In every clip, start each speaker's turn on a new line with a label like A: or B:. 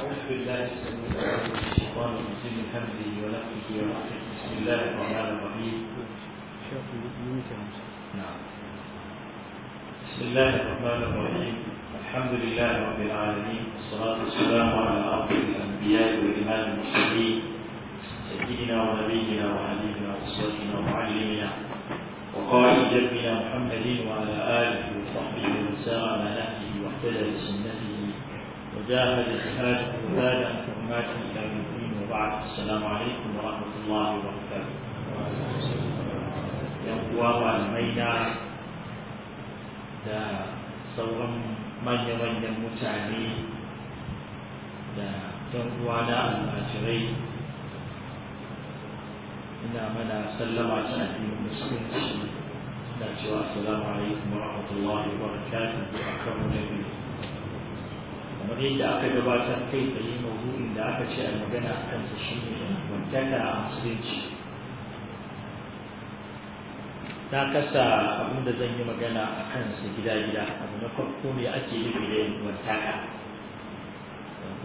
A: أعوذ بالله السميع العليم من الشيطان الرجيم من همزه ونفخه ونفخه بسم الله الرحمن الرحيم. نعم.
B: بسم الله الرحمن الرحيم الحمد لله رب العالمين والصلاة والسلام على أفضل الأنبياء وإمام المرسلين سيدنا ونبينا وحبيبنا وأسوتنا ومعلمنا وقائد جدنا محمد وعلى آله وصحبه ومن سار على نهجه واهتدى بسنته وجاهد الجهاد والعباده ومات من الكافرين وبعد السلام عليكم ورحمه الله وبركاته. يقوى الميدان دا سوغم من يمن المتعبي دا يقوى دا المهاجرين إنا منا سلم عشان المسلمين دا سوى السلام عليكم ورحمة الله وبركاته وأكرم النبي kamar yadda aka gabatar kai tsaye maudu'in da aka ce a magana a kansa shi ne da a musulunci ta kasa abin da zan yi magana a kansa gida-gida abu na farko ne ake yi da yin wantaka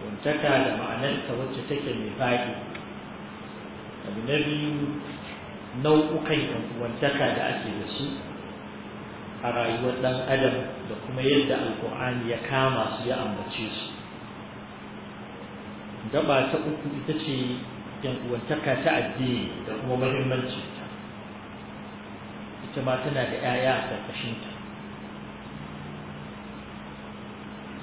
B: wantaka da ma'anarta wacce take mai faɗi abu na biyu nau'ukan wantaka da ake da su a rayuwar ɗan adam da kuma yadda alkur'ani ya kama su ya ambace su gaba ta uku ita ce yan uwantaka ta addini da kuma muhimmanci ita ma tana da 'ya'ya a ƙarƙashinta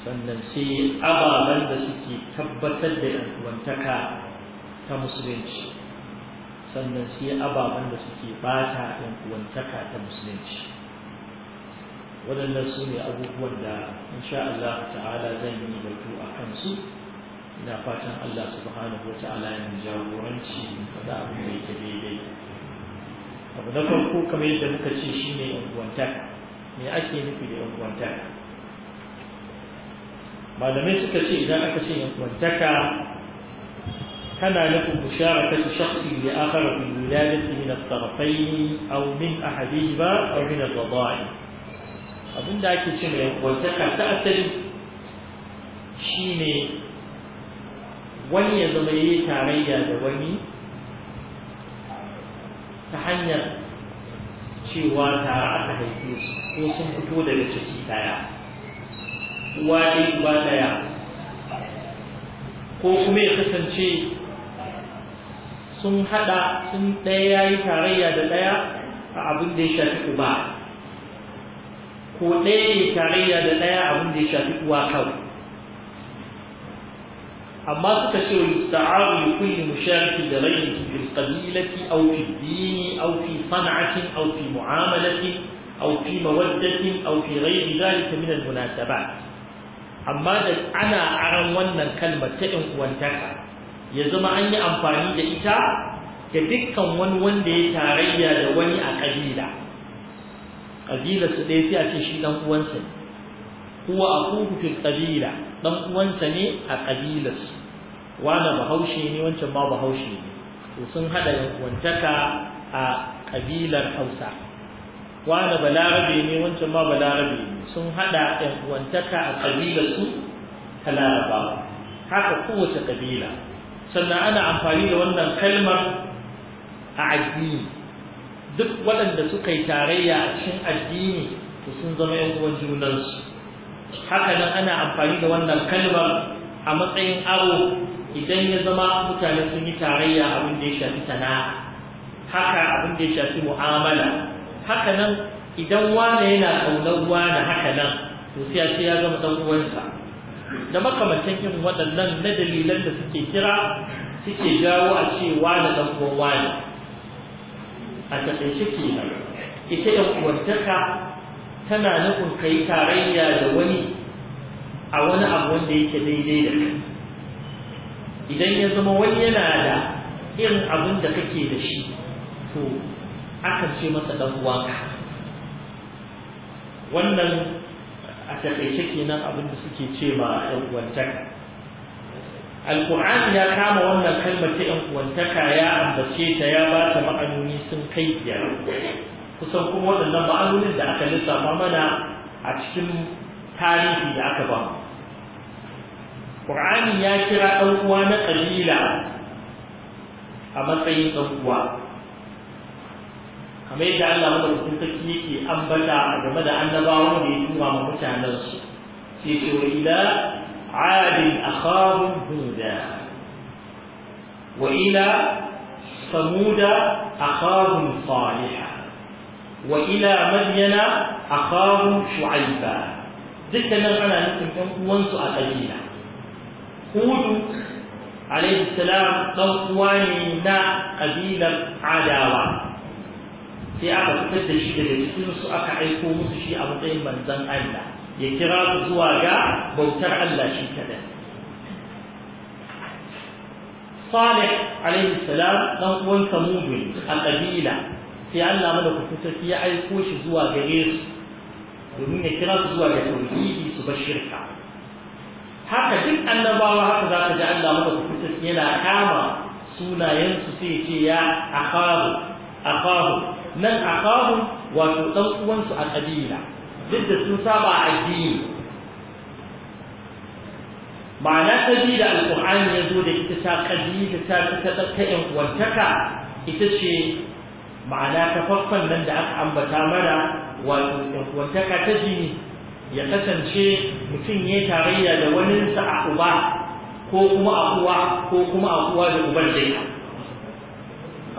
B: sannan sai ababen da suke tabbatar da yankuwantaka ta musulunci sannan sai ababen da suke bata yankuwantaka ta musulunci waɗannan su ne abubuwan da insha Allah ta'ala zan yi batu a kansu ina fatan Allah subhanahu wa ta'ala ya jagoranci da abu da yake daidai abu na farko kamar yadda muka ce ne yankuwantaka me ake nufi da yankuwantaka malamai suka ce idan aka ce yankuwantaka kana nufin musharakatu shakhsi li akhar fi wiladati min at-tarfayn aw min ahadihima aw min ad-dada'i Abin da ake cin mai a ta asali ne wani ya zama ya yi tarayya da wani ta hanyar cewa tare aka haife su ko sun fito daga ciki daya uwa ɗaya uba ɗaya ko kuma ya kasance sun haɗa sun ɗaya ya yi tarayya da ɗaya a abin da ya shafi uba ko ɗaya ne tarayya da ɗaya abin da ya shafi uwa kawai amma suka ce wa yusta'aru li kulli mushariki da rayyin fi qabilati aw fi dini aw fi san'atin aw fi mu'amalatin aw fi mawaddatin aw fi ghayri dhalika min al-munasabat amma da ana aran wannan kalmar ta in uwantaka ya zama an yi amfani da ita ga dukkan wani wanda ya tarayya da wani a kabila kabila su ɗaya sai a ce shi dan uwansa ne huwa akuhu fil qabila dan uwansa ne a kabilar su bahaushe ne wancan ma bahaushe ne to sun hada yankuwantaka a kabilar Hausa wani balarabe ne wancan ma balarabe ne sun hada uwantaka a kabilar su ta larabawa haka kowace kabila sannan ana amfani da wannan kalmar a addini duk waɗanda suka yi tarayya a cikin addini to sun zama ‘yan uwan junansu hakanan ana amfani da wannan kalmar a matsayin aro idan ya zama mutane sun yi tarayya abin da ya shafi sana'a haka abin da ya shafi mu'amala Hakanan idan wane yana ƙaunar wane hakanan, nan to sai ya zama ɗan uwansa da makamantan irin waɗannan na dalilan da suke kira suke jawo a cewa wane ɗan uwan wane a taƙaice kenan ita yan uwantaka tana nufin kai tarayya da wani a wani abu wanda yake daidai da kai idan ya zama wani yana da irin abin da kake da shi to akan ce masa ɗan uwanka wannan a taƙaice kenan abin da suke ce ma yan uwantaka alqur'ani ya kama wannan kalmar ce ɗan kuwantaka ya ambace ta ya ba ta ma'anoni sun kai biyar kusan kuma waɗannan ma'anonin da aka lissafa mana a cikin tarihi da aka ba Qur'ani ya kira ɗan uwa na ƙabila a matsayin ɗan uwa kamar yadda Allah madaukakin sarki yake ambata game da annabawan da ya tura ma mutanen su sai ce wa ila عاد أخاهم هودا وإلى ثمود أخاهم صالحا وإلى مدين أخاهم شعيبا ذكرنا أنا نتكلم وانسوا أقليلا هود عليه السلام ɗan'uwani na قبيلة عداوة في aka fitar da shi daga cikinsu aka aiko من ذنب الله يكراب زواجا بوتر ألا شي كذا صالح عليه السلام نحن وانك موجود القبيلة سي الله ملك الفسر في أي كوش زواج غير ومن يكراب زواجا توليدي سبا الشركة حتى جد أن الله حتى ذات جعل الله ملك الفسر في أنا كاما سونا ينسو سيتي يا أخاه أخاه من أخاه وتوطوان سؤال أبيلا duk da sun saba addini ma'ana na biyu da alƙur'ani ya zo da ita ta ƙabila ta ta ta 'yan uwantaka ita ce ma'ana ta farkon nan da aka ambata mana wato 'yan uwantaka ta jini ya kasance mutum ya tarayya da waninsa a uba ko kuma a uwa ko kuma a uwa da uban dai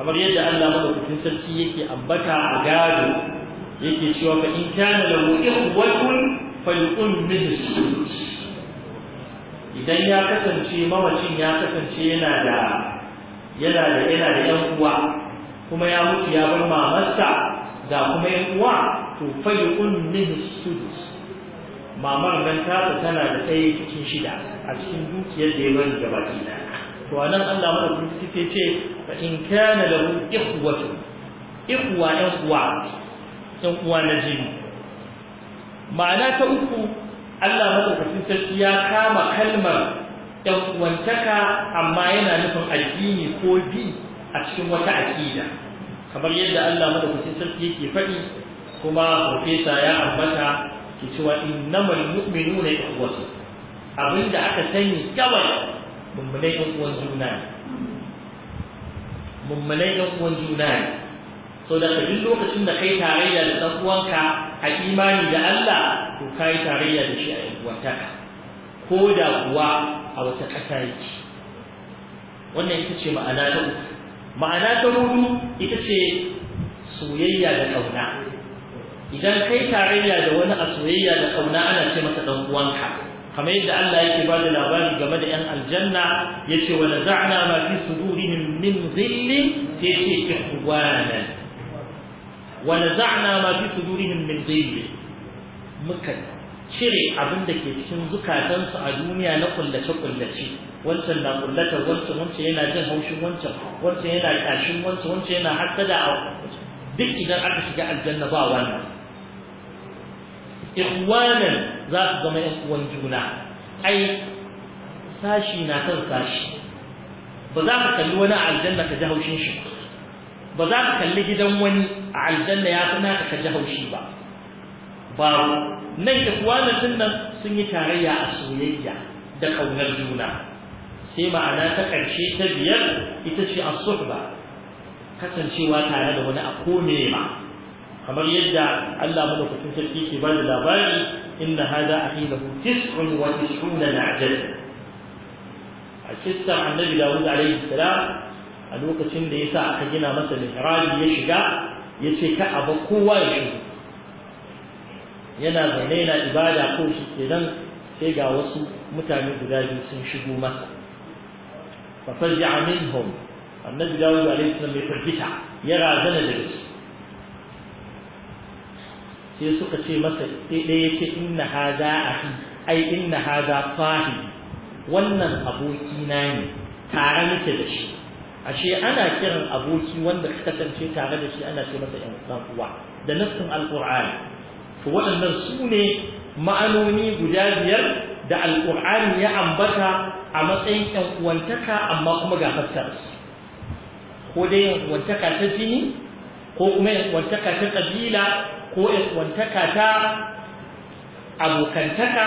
B: kamar yadda Allah madaukakin sarki yake ambata a gado yake cewa fa in kana lahu ikhwatun falyu'minhu sulus idan ya kasance mawacin ya kasance yana da yana da yana da yan uwa kuma ya mutu ya bar mamarsa ga kuma yan uwa to falyun min sudus mamar nan ta tana da tsaye cikin shida a cikin dukiyar da ya bari gaba ɗaya to a nan Allah madaukakin sarki ce fa in kana lahu wajen ikhwa yan uwa yan uwa na jini ma'ana ta uku Allah madaukakin sarki ya kama kalmar yan uwantaka amma yana nufin addini ko bi a cikin wata aƙida kamar yadda Allah madaukakin sarki yake faɗi kuma profesa ya ambata ke cewa innamal mu'minuna ikhwatu abinda aka sani kawai mummunai yan uwan juna mummunai yan uwan juna ne so da duk lokacin da kai tarayya da ɗan uwanka a imani da Allah to kai tarayya da shi a yankuwantaka ko da kuwa a wata ƙasa yake wannan ita ce ma'ana ta uku ma'ana ta hudu ita ce soyayya da ƙauna idan kai tarayya da wani a soyayya da ƙauna ana ce masa ɗan uwanka kamar yadda Allah yake ba da labari game da 'yan aljanna ya ce wa mafi ma fi sudurihim min zillin sai ce ihwanan wa naza'na ma fi sudurihim min ghaibi muka cire abin da ke cikin zukatansu a duniya na kullace kullace wancan na kullata wancan wancan yana jin haushin wancan wancan yana kashin wancan wancan yana hasada a duk idan aka shiga aljanna ba wannan ikhwanan za su zama yan uwan juna ai sashi na kan sashi ba za ka kalli wani aljanna ka ji haushin shi ba za ka kalli gidan wani a aljanna ya fi naka ka ji haushi ba ba nan ikwanan din nan sun yi tarayya a soyayya da kaunar juna sai ma'ana ta ƙarshe ta biyar ita ce as-suhba kasancewa tare da wani a kome ma kamar yadda Allah madaukakin sarki ke ba da labari inna hada aqidahu tis'un wa tis'una na'jal a kissa annabi Dawud alaihi salam a lokacin da ya sa aka gina masa mihrabi ya shiga ya ce ka abu kowa ya shigo yana zaune yana ibada ko shi nan sai ga wasu mutane guda biyu sun shigo masa fa faj'a minhum annabi dawud alayhi salam ya firgita ya razana da su sai suka ce masa sai ɗaya ya ce inna haza ahi ai inna haza fahi wannan abokina ne tare muke da shi ashe ana kiran aboki wanda ka kasance tare da shi ana ce masa ɗan uwa da nassin alqur'ani to waɗannan su ne ma'anoni guda biyar da alqur'ani ya ambata a matsayin ɗan uwantaka amma kuma ga fassara ko dai yan uwantaka ta jini ko kuma yan uwantaka ta kabila ko yan uwantaka ta abokantaka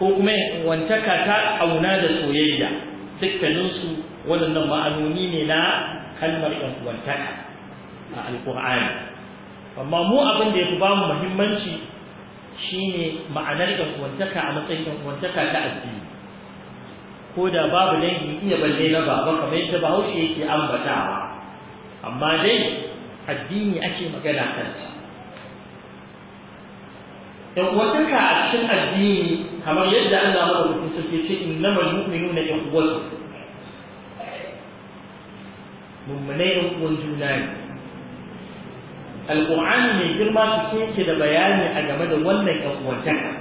B: ko kuma yan uwantaka ta auna da soyayya dukkaninsu waɗannan ma'anoni ne na kalmar ɗan a alƙur'ani amma mu abin da ya fi ba mu muhimmanci shine ma'anar yanuwantaka a matsayin ɗan ta addini ko da babu dangi iya balle na baba kamar yadda bahaushe yake ambatawa amma dai addini ake magana kansa uwantaka a cikin addini kamar yadda Allah madaukakin sarki ce innamal mu'minuna ikhwatu mummunai yan uwan juna ne alƙur'ani mai girma su yake da bayani a game da wannan yan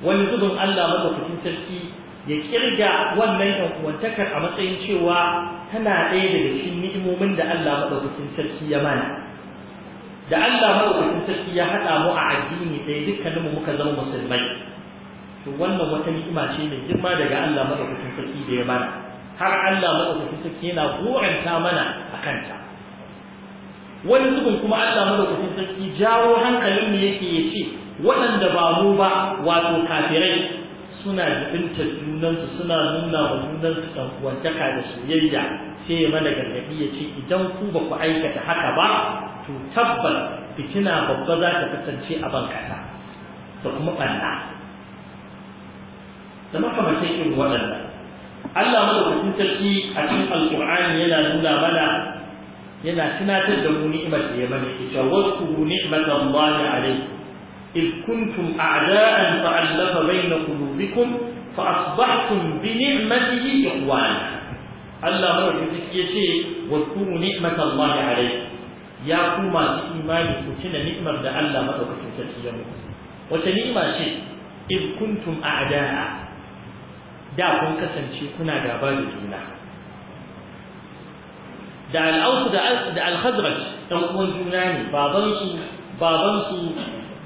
B: wani zubin Allah madaukakin sarki ya kirga wannan yan uwantakar a matsayin cewa tana ɗaya daga cikin ni'imomin da Allah madaukakin sarki ya mana da Allah maɗaukakin sarki ya haɗa mu a addini ɗaya dukkanin mu muka zama musulmai to wannan wata ni'ima ce mai girma daga Allah maɗaukakin sarki da ya mana har Allah madaukakin sarki yana goranta mana a kanta wani zubin kuma Allah madaukakin sarki jawo hankalin mu yake ya ce waɗanda ba mu ba wato kafirai suna jibinta junansu suna nuna wa junansu ɗan uwantaka da soyayya sai ya mana gargaɗi ya ce idan ku ba ku aikata haka ba to tabbas fitina babba za ta kasance a bankata da kuma ɓanna da makamashin irin waɗannan Allah madaukakin sarki a cikin Alƙur'ani yana nuna mana yana tunatar da mu ni'imar da ya mana ki tawassu ni'matan Allah alayhi in kuntum a'da'an fa allafa baina qulubikum fa asbahtum bi ni'matihi ikhwana Allah madaukakin sarki yace wa kuntum ni'matan Allah alayhi ya ku masu imani ku ci da ni'imar da Allah madaukakin sarki ya muku wata ni'ima ce in kuntum a'da'a da kun kasance kuna gaba da juna da al'ausu da al-khazraj dan uwan juna ne babansu babansu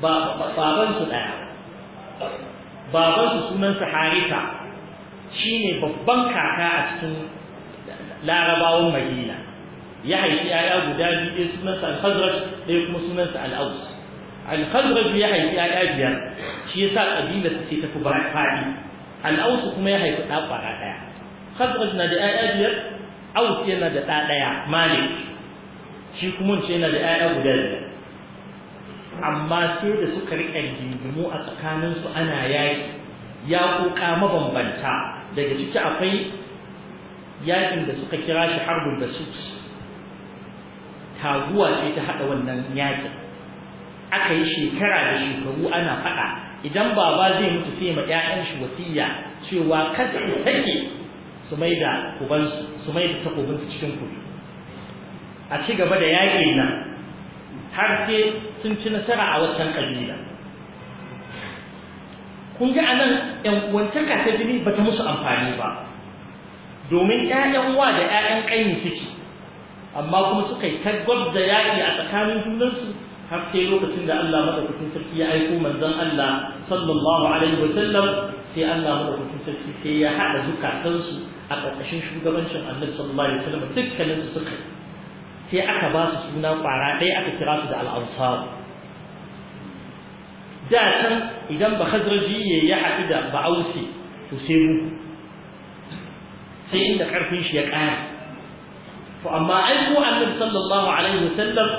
B: babansu daya babansu sunansa harita shine babban kaka a cikin larabawan madina ya haifi yaya guda biyu ɗaya sunansa al ɗaya kuma sunansa al-aus al ya haifi yaya biyar shi yasa kabilar ta ce ta fi faɗi al'ausu kuma ya haifi ɗa ɗaya khadraj na da ƴaƴa biyar aus yana da ɗa ɗaya malik shi kuma ce yana da ƴaƴa guda biyar amma sai da suka riƙa gingimu a tsakanin su ana yaƙi kuka mabambanta daga ciki akwai yaƙin da suka kira shi harbul basus taguwa ce ta haɗa wannan yaƙin aka yi shekara da shekaru ana faɗa idan baba zai mutu sai ma ƴaƴan shi wasiya cewa kada su take su mai da kuban su mai da takobin su cikin kuɗi a ci gaba da yaƙi nan har sai sun ci nasara a wancan kabila kun ji anan ƴan uwantaka ta jini bata musu amfani ba domin ƴaƴan uwa da ƴaƴan ƙaini suke amma kuma suka yi taggwab da yaƙi a tsakanin junansu har sai lokacin da Allah madaukakin sarki ya aiko manzon Allah sallallahu alaihi wa sallam sai Allah madaukakin sarki sai ya hada su a ƙarƙashin shugabancin Annabi sallallahu alaihi wa sallam dukkanin su suka sai aka ba su suna kwara dai aka kira su da al-ansar da san idan ba khadraji ya haɗu ba ausi to sai mu sai inda karfin shi ya ƙara to amma ai ko annabi sallallahu alaihi wa sallam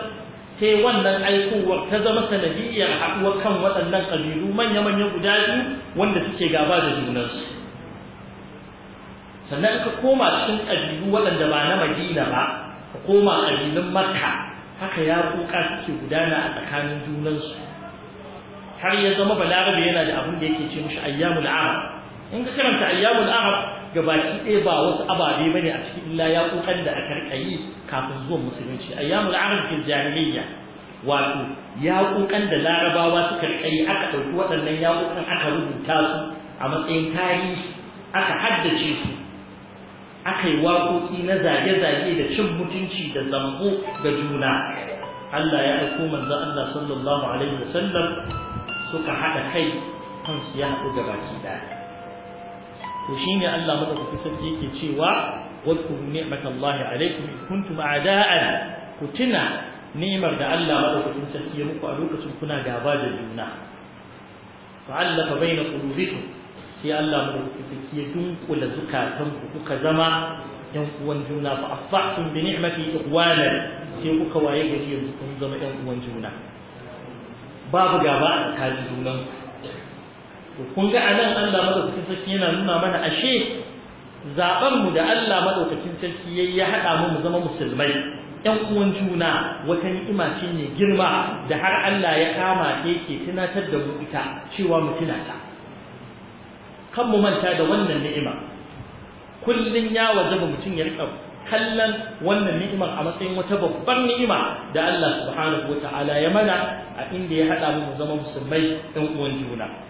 B: sai wannan aikowar ta zama sanadiyyar haɗuwar kan waɗannan ƙabilu manya-manyan guda biyu wanda suke gaba da junansu sannan ka koma cikin ƙabilu waɗanda ba na madina ba ka koma ƙabilun makka haka ya kuka suke gudana a tsakanin junansu har ya zama balarabe yana da abin da yake ce mashi ayyamul arab in ka karanta ayyamul arab gabaki ɗaya ba wasu ababe bane a cikin illa ya kokan da aka rikayi kafin zuwan musulunci ayyamul arab jahiliyya wato ya kokan da larabawa suka rikayi aka ɗauki waɗannan ya kokan aka rubuta su a matsayin tarihi aka haddace su aka yi waƙoƙi na zage-zage da cin mutunci da zambo ga juna Allah ya ɗauko manzon Allah sallallahu alaihi wasallam suka haɗa kai kansu ya haɗu gabaki ɗaya to shine Allah madaukakin sarki yake cewa wadkuru ni'matallahi alaikum in kuntum a'da'an ku tuna ni'mar da Allah madaukakin sarki ya muku a lokacin kuna gaba da juna fa'allafa baina qulubikum sai Allah madaukakin sarki ya dunkula zukatan ku kuka zama yan uwan juna fa asbahtum bi ni'mati ikhwana sai kuka waye gari yanzu kun zama yan uwan juna babu gaba a tsakanin junanku kun ga anan Allah madaukakin sarki yana nuna mana ashe zaɓar mu da Allah madaukakin sarki yayi ya haɗa mu mu zama musulmai ƴan uwan juna wata ni'ima ce ne girma da har Allah ya kama ta yake tunatar da mu ita cewa mu tuna ta kan mu manta da wannan ni'ima kullun ya wajaba mutum ya rika kallon wannan ni'imar a matsayin wata babbar ni'ima da Allah subhanahu wa ta'ala ya mana a inda ya haɗa mu zama musulmai ɗan uwan juna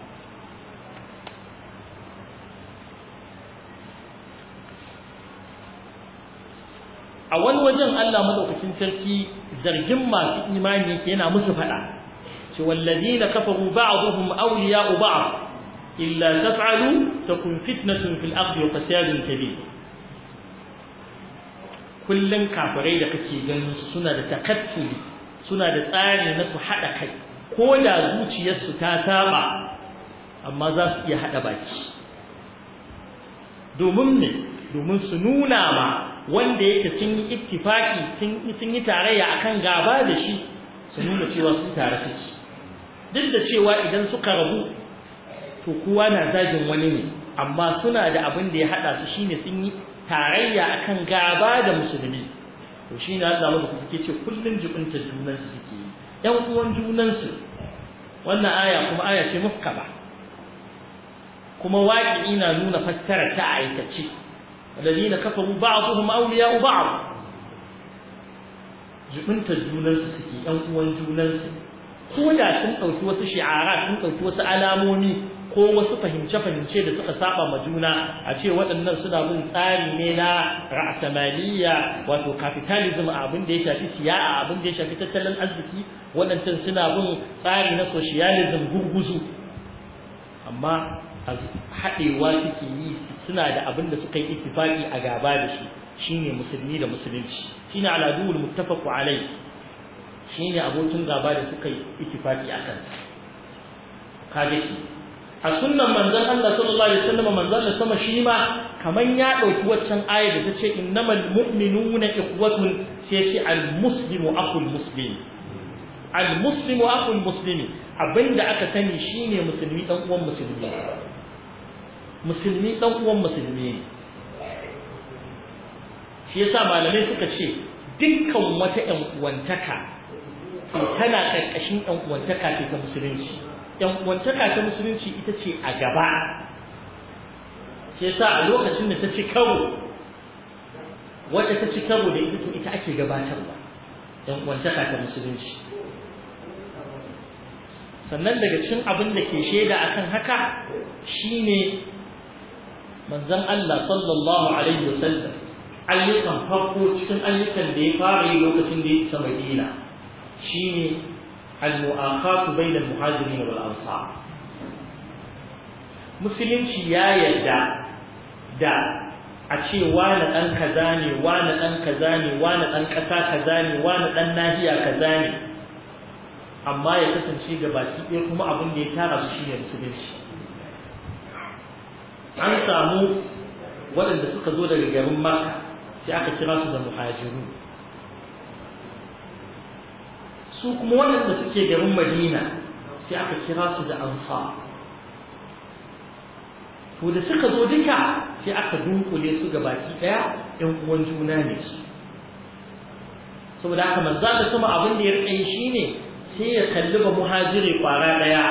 B: a wani wajen Allah madaukakin sarki zargin masu imani yake yana musu faɗa ce wallazina kafaru ba'dhum awliya'u ba'd illa taf'alu takun fitnatun fil ardi wa fasadun kabir kullun kafirai da kake ganin suna da takattuli suna da tsari na su hada kai ko da zuciyarsu ta saba amma za su iya hada baki domin ne domin su nuna ma wanda yake sun yi ittifaki sun yi tarayya akan gaba da shi su nuna cewa sun tare su duk da cewa idan suka rabu to kowa na zagin wani ne amma suna da abin da ya hada su shine sun yi tarayya akan gaba da musulmi to shine Allah mu suke ce kullun jibinta junan su suke yan uwan junan su wannan aya kuma aya ce mukkaba kuma waƙi ina nuna fassara ta aikace الذين كفروا بعضهم أولياء بعض جبنت جونان سكي أن أوان جونان سكي ko da sun ɗauki wasu shi'ara sun ɗauki wasu alamomi ko wasu fahimce-fahimce da suka saba ma juna a ce waɗannan suna bin tsari ne na ra'asamaliya wato capitalism a abin da ya shafi siya a abin da ya shafi tattalin arziki waɗancan suna bin tsari na socialism gurguzu amma haɗewa suke yi suna da abin da suka yi ittifaqi a gaba da shi shine musulmi da musulunci shine aladul muttafaqu alai shine abokin gaba da suka yi ittifaqi a kansa kaje ki a sunnan manzon Allah sallallahu alaihi wasallam manzon Allah sama shi ma kaman ya dauki waccan ayar da tace innamal mu'minuna ikhwatun sai ce al muslimu akhul muslim al muslimu akhul muslimi abinda aka sani shine musulmi dan uwan musulmi musulmi dan uwan musulmi ne shi yasa malamai suka ce dukkan wata ƴan uwantaka to tana ƙarƙashin ƴan uwantaka ce ta musulunci ƴan uwantaka ta musulunci ita ce a gaba shi yasa a lokacin da ta ci karo wata ta ci karo da ita ita ake gabatarwa ƴan uwantaka ta musulunci sannan daga cikin abin da ke shaida akan haka shine manzon Allah sallallahu alaihi wasallam ayyukan farko cikin ayyukan da ya fara yi lokacin da ya isa Madina shine al-mu'akhatu bayna al-muhajirin wal ansar musulunci ya yarda da a ce wani ɗan kaza ne wani ɗan kaza ne wani ɗan ƙasa kaza ne wani ɗan nahiya kaza ne amma ya kasance ga baki ɗaya kuma abin da ya tara su shine musulunci an samu waɗanda suka zo daga garin maka sai aka kira su da muhajiru su kuma waɗanda suke garin madina sai aka kira su da ansa to da suka zo duka sai aka dunkule su ga baki ɗaya ‘yan uwan juna ne su saboda haka manzo da kuma abin da ya rike shi ne sai ya kalli ba muhajiri kwara ɗaya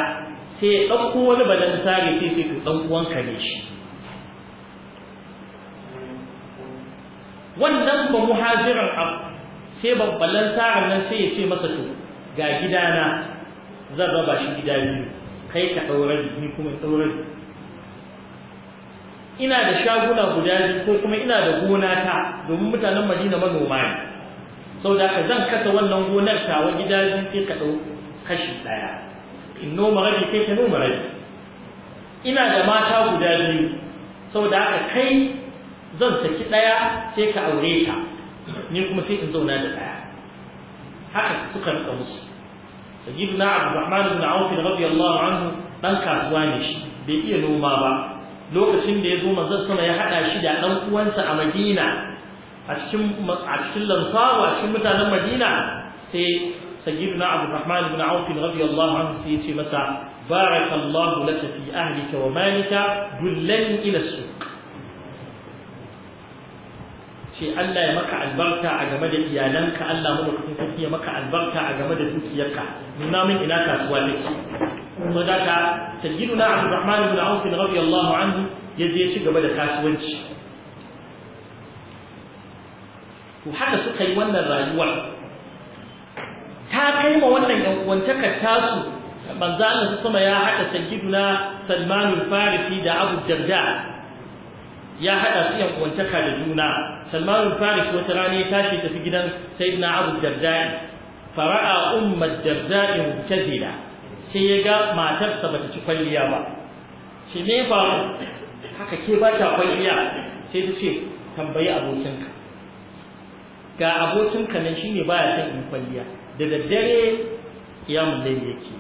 B: sai ya ɗauko wani balansari sai sai to ɗan uwanka ne shi wannan ba muhajirin abu sai babbalan sa'ar nan sai ya ce masa to ga gidana zan raba shi gida biyu kai ka ɗaurar ni kuma ɗaurar ina da shaguna guda biyu ko kuma ina da gona ta domin mutanen madina manoma ne sau da ka zan kasa wannan gonar wa gida biyu sai ka ɗau kashi ɗaya in noma rabi kai ka noma rabi ina da mata guda biyu sau da haka kai zan saki ɗaya sai ka aure ta ni kuma sai in zauna da ɗaya haka suka rika musu sajibna abdurrahman ibn auf radiyallahu anhu dan kasuwa ne shi bai iya noma ba lokacin da ya zo manzon sama ya hada shi da dan uwansa a Madina a cikin a cikin lansawa a cikin mutanen Madina sai سيدنا عبد الرحمن بن عوف رضي الله عنه سيتي مسا بارك الله لك في أهلك ومالك دلني إلى السوق ce Allah ya maka albarka a game da iyalanka Allah madaukakin sarki ya maka albarka a game da dukiyarka nuna min ina kasuwa take kuma da ka sayyiduna Abdurrahman ibn Auf Allahu anhu ya je shi gaba da kasuwanci to haka suka yi wannan rayuwar ta kai ma wannan yan uwantakar tasu manzo Allah sama ya hada sayyiduna Salman al-Farisi da Abu Darda ya hada su yan uwantaka da juna Salmanu faris wata rana ya tashi tafi gidan sayyidina abu darda'i fara'a umma darda'i mutazila sai ya ga matarsa bata ci kwalliya ba shi ne haka ke ba ta kwalliya sai ta ce tambayi abokinka ga abokinka nan shine baya son in kwalliya da daddare kiyamun dai yake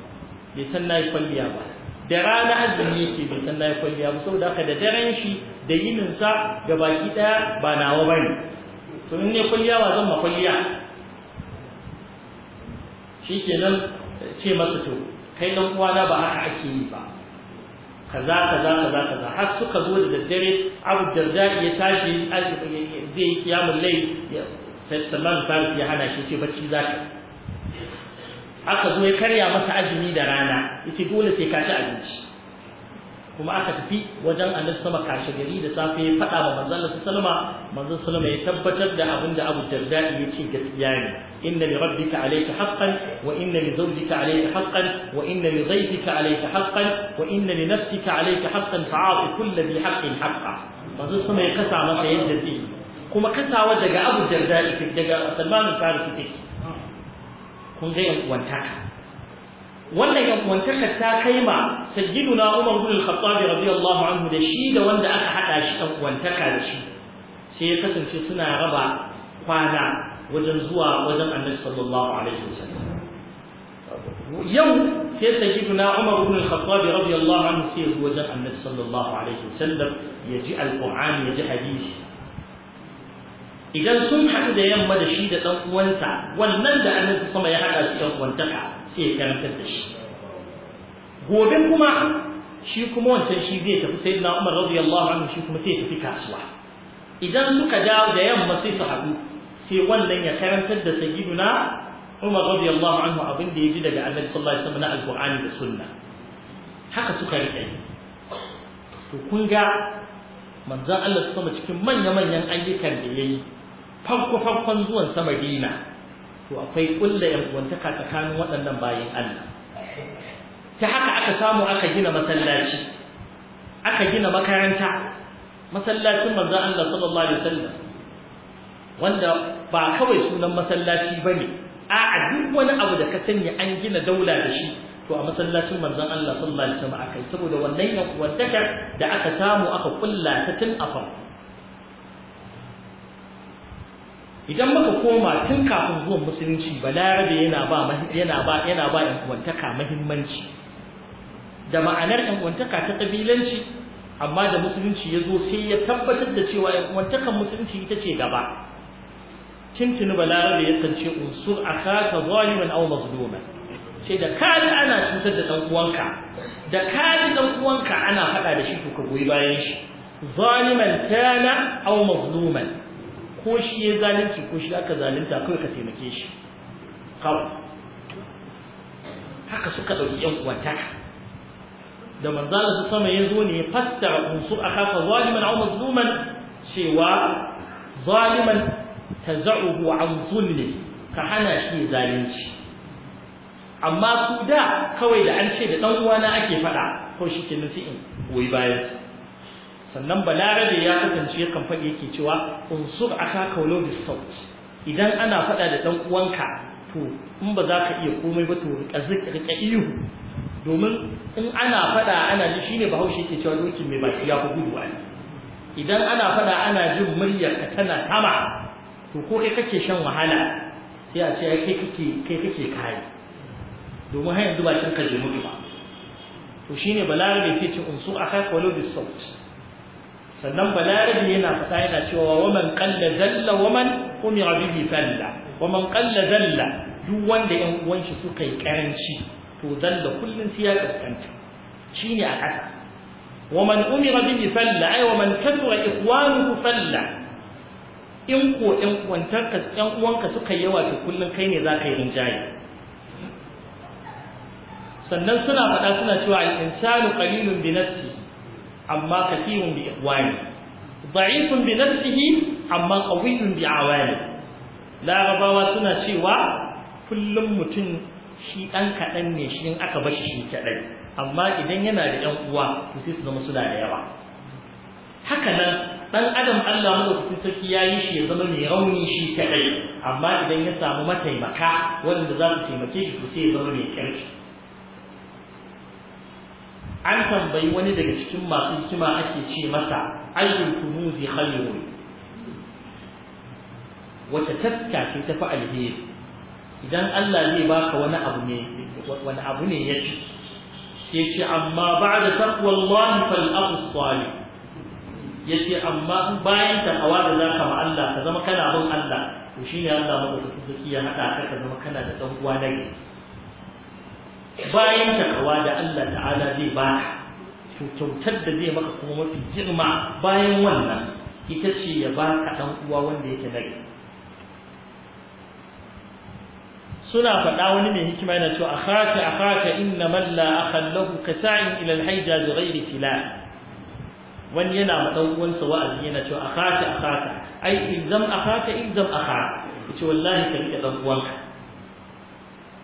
B: bai san na yi kwalliya ba da rana azumi yake bai san nayi kwalliya ba saboda haka da daren shi da yinin sa ga baki daya ba nawa bane to in ne kwalliya ba zan ma kwalliya shikenan ce masa to kai dan na ba haka ake yi ba kaza kaza kaza kaza har suka zo da daddare Abu Darda ya tashi zai yi kiyamul layl sallan Faris ya hana shi ce bacci zaka aka zo ya karya masa azumi da rana yace dole sai ka ci abinci kuma aka tafi wajen annabi sama kashi gari da safe ya faɗa wa manzon Allah sallama manzon sallama ya tabbatar da abin da Abu Darda ya ce gaskiya ne inna li rabbika alayka haqqan wa inna li zawjika alayka haqqan wa inna li dhayfika alayka haqqan wa inna li nafsika alayka haqqan fa'ati kulli bi haqqin haqqa manzon sama ya kasa masa yadda zai kuma kasawa daga Abu Darda daga Salman al-Farisi kun ga yan uwantaka wannan yan uwantaka ta kai ma sayyiduna Umar bin Al-Khattab radiyallahu anhu da shi da wanda aka hada shi dan uwantaka da shi sai ya kasance suna raba kwana wajen zuwa wajen Annabi sallallahu alaihi wasallam yau sai sayyiduna Umar ibn al-Khattab radiyallahu anhu sai zuwa wajen Annabi sallallahu alaihi wasallam ya ji alqur'ani ya ji hadisi idan sun haɗu da yamma da shi da ɗan uwansa wannan da annabi sama ya haɗa su ɗan uwantaka sai ya karantar da shi gobe kuma shi kuma wancan shi zai tafi sai na umar radiyallahu anhu shi kuma sai tafi kasuwa idan suka dawo da yamma sai su haɗu sai wannan ya karantar da sayyiduna umar radiyallahu anhu abin da ya ji daga annabi sallallahu alaihi wasallam na alqur'ani da sunna haka suka riƙe to kun ga manzon Allah sama cikin manya-manyan ayyukan da ya yi farko farkon zuwan sa Madina to akwai kulla yan uwantaka tsakanin waɗannan bayin Allah ta haka aka samu aka gina masallaci aka gina makaranta masallacin manzon Allah sallallahu alaihi wasallam wanda ba kawai sunan masallaci bane a'a duk wani abu da ka sanya an gina daula da shi to a masallacin manzon Allah sallallahu alaihi wasallam akai saboda wannan yankuwar da aka samu aka kulla ta tun a farko idan muka koma tun kafin zuwan musulunci balarabe yana ba yana ba yana ba muhimmanci da ma'anar yan ta kabilanci amma da musulunci ya zo sai ya tabbatar da cewa yan musulunci ita ce gaba tuntuni balarabe ya kance unsur akaka zaliman aw mazluman sai da kaji ana cutar da dan uwanka da kaji dan uwanka ana fada da shi to ka goyi bayan shi zaliman tana aw mazluman ko shi ya zalunci ko shi aka zalunta kawai ka taimake shi kawai haka suka ɗauki ‘yan uwantaka da manzana su sama ya zo ne ya fassara unsur a kafa zaliman au mazluman cewa zaliman ta za'uhu an ka hana shi zalunci amma su da kawai da an ce da ɗan uwana ake faɗa ko shi ke nufi in goyi bayan sannan balarabe ya kasance kan faɗi yake cewa unsur aka kaulo da saut idan ana faɗa da ɗan uwanka to in ba za ka iya komai ba to rika ihu domin in ana faɗa ana ji shine bahaushe ke cewa dokin mai baki ya fi gudu ne idan ana faɗa ana jin muryar ka tana tama to ko kai kake shan wahala sai a ce kai kake kai kake kai domin har yanzu ba kin kaje mutu ba to shine balarabe ke ce aka kaulo walau bisawt sannan balarabi yana fata yana cewa waman qalla zalla waman umira bihi falla waman qalla zalla duk wanda yan uwan suka yi karanci to zalla kullun sai ya kaskanta shine a ƙasa waman umira bihi falla ay waman kasura ikhwanuhu falla in ko ɗan uwantarka ɗan uwanka suka yawa to kullum kai ne za ka yi rinjaye sannan suna faɗa suna cewa al-insanu qalilun bi nafsi amma kafirun bi ikhwani da'ifun bi nafsihi amma qawiyun bi awani larabawa suna cewa kullum mutum shi ɗan kaɗan ne shi in aka bashi shi kaɗai amma idan yana da 'yan uwa to sai su zama suna da yawa haka nan ɗan adam Allah madaukakin sarki ya yi shi ya zama mai rauni shi kaɗai amma idan ya samu mataimaka wanda za su taimake shi to sai ya zama mai kirki an tambayi wani daga cikin masu hikima ake ce masa ayyul kunuzi khayrun wace taska ce ta fi alheri idan Allah zai baka wani abu ne wani abu ne yace sai ce amma ba'da taqwallahi fal aqus salih yace amma bayan takawa da zaka ma Allah ka zama kana bin Allah to shine Allah madaukakin sarki ya hada ka ka zama kana da dan uwa nagari bayan takawa da Allah ta'ala zai baka to kyautar da zai maka kuma mafi girma bayan wannan ita ce ya baka dan uwa wanda yake nagari suna faɗa wani mai hikima yana cewa akhaka akhaka inna man la akhan lahu kasa'in ila al-hijaz ghayri filah wani yana ma dan uwansa wa'azi yana cewa akhaka akhaka ai ilzam akhaka ilzam akhaka yace wallahi ka rike dan uwanka